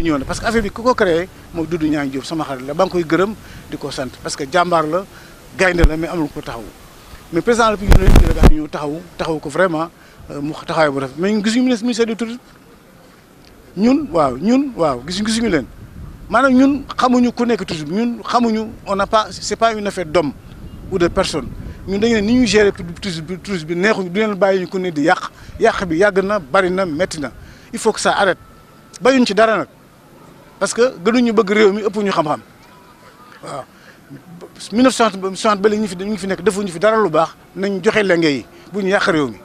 union la parce que affaire bi ku ko moo mooy Doudou Niang Diop sama xarit la ba nga koy gërëm di ko sant parce que jàmbaar la gaynde la mais amul ko taxaw mais président la République la ñu taxaw taxaw ko vraiment euh, mu taxawaay bu rafet mais ñun gisuñu leen ministère du tourisme ñun waaw ñun waaw gis gisuñu leen maanaam ñun xamuñu ku nekk tourisme ñun xamuñu on n'a pas c'est pas une affaire d'homme ou de personne ñun dañu ne ni ñuy gérer tourisme bi tourisme bi neexuñu du leen bàyyi ñu ku ne di yàq yàq bi yàgg na bari na métti na il faut que ça arrête bayuñ ci dara parce que gënuñu bëgg réew mi ëpp ñu xam-xam waaw 1960 ba léegi ñu fi ñu fi nekk defuñu fi dara lu baax nañ joxe lenge yi bu ñu yàq réew mi.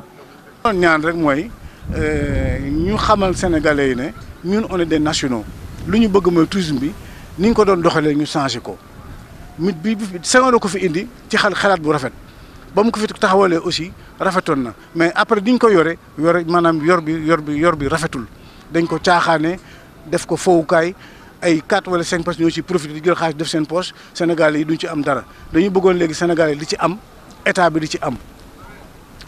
loolu ñaan rek mooy euh, ñu xamal sénégalais yi ne ñun on est des nationaux lu ñu bëgg mooy tourisme bi ni ñu ko doon doxalee ñu changé ko mit bi Senghor ko fi indi ci xalaat bu rafet. ba mu ko fi taxawalee aussi rafetoon na mais après diñ ko yore yore maanaam yor bi yor bi yor bi rafetul dañ ko caaxaane def ko fowukaay ay 4 wala 5 personnes ñoo ci profité di jël xaalis def seen poche Sénégalais yi duñ ci am dara dañu bëggoon léegi Sénégalais di ci am état bi di ci am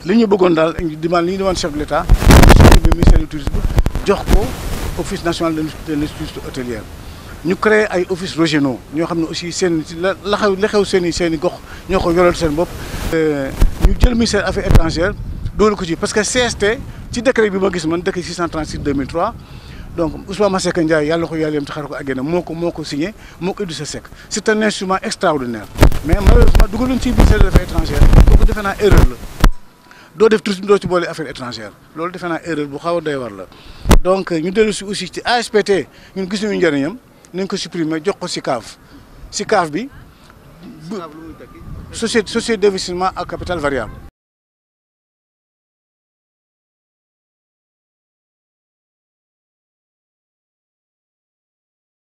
li ñu bëggoon daal di demande li ñu demande chef de l'état chef du ministère du jox ko office national de l'industrie hôtelière ñu créé ay office régionaux ñoo xam ne aussi seen la la xew la xew seen i seen gox ñoo ko yoral seen bopp euh, ñu jël ministère affaires étrangères doolu ko ci parce que CST ci décret bi ma gis man décret 636 2003 donc Ousmane Masseck Ndiaye yàlla ko yàlla yem ci xar ko àggee moo ko moo ko signé moo ko Idrissa Seck c' est un instrument extraordinaire mais malheureusement dugaluñ ci biir affaires étrangères kooku defe naa erreur la doo def doo ci boole affaire étrangère loolu defe naa erreur bu xaw a doy war la donc ñu dellu si aussi ci ASPT ñun gis nañu njëriñam nañ ko supprimer jox ko si CAF si CAF bi société société d' investissement à capital variable